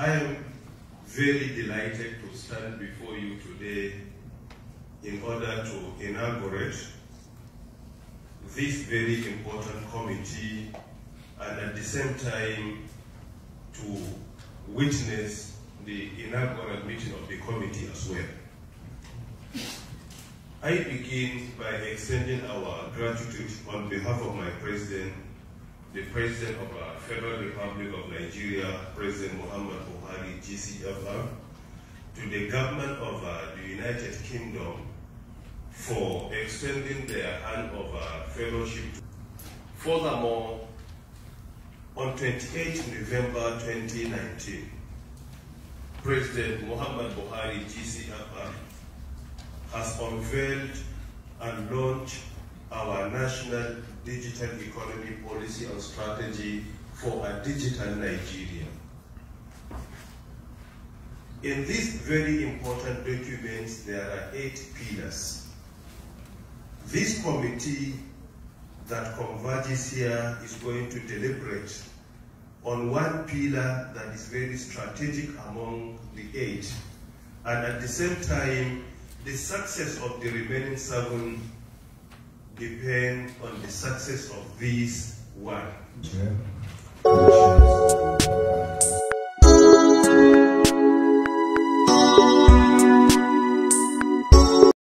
I am very delighted to stand before you today in order to inaugurate this very important committee and at the same time to witness the inaugural meeting of the committee as well. I begin by extending our gratitude on behalf of my president, the President of the uh, Federal Republic of Nigeria, President Muhammad Buhari, GCFR, to the government of uh, the United Kingdom for extending their hand of uh, fellowship. Furthermore, on 28 November 2019, President Muhammad Buhari, GCFR, has unveiled and launched our national digital economy policy and strategy for a digital Nigeria. In this very important document, there are eight pillars. This committee that converges here is going to deliberate on one pillar that is very strategic among the eight, and at the same time, the success of the remaining seven depend on the success of this work. Yeah.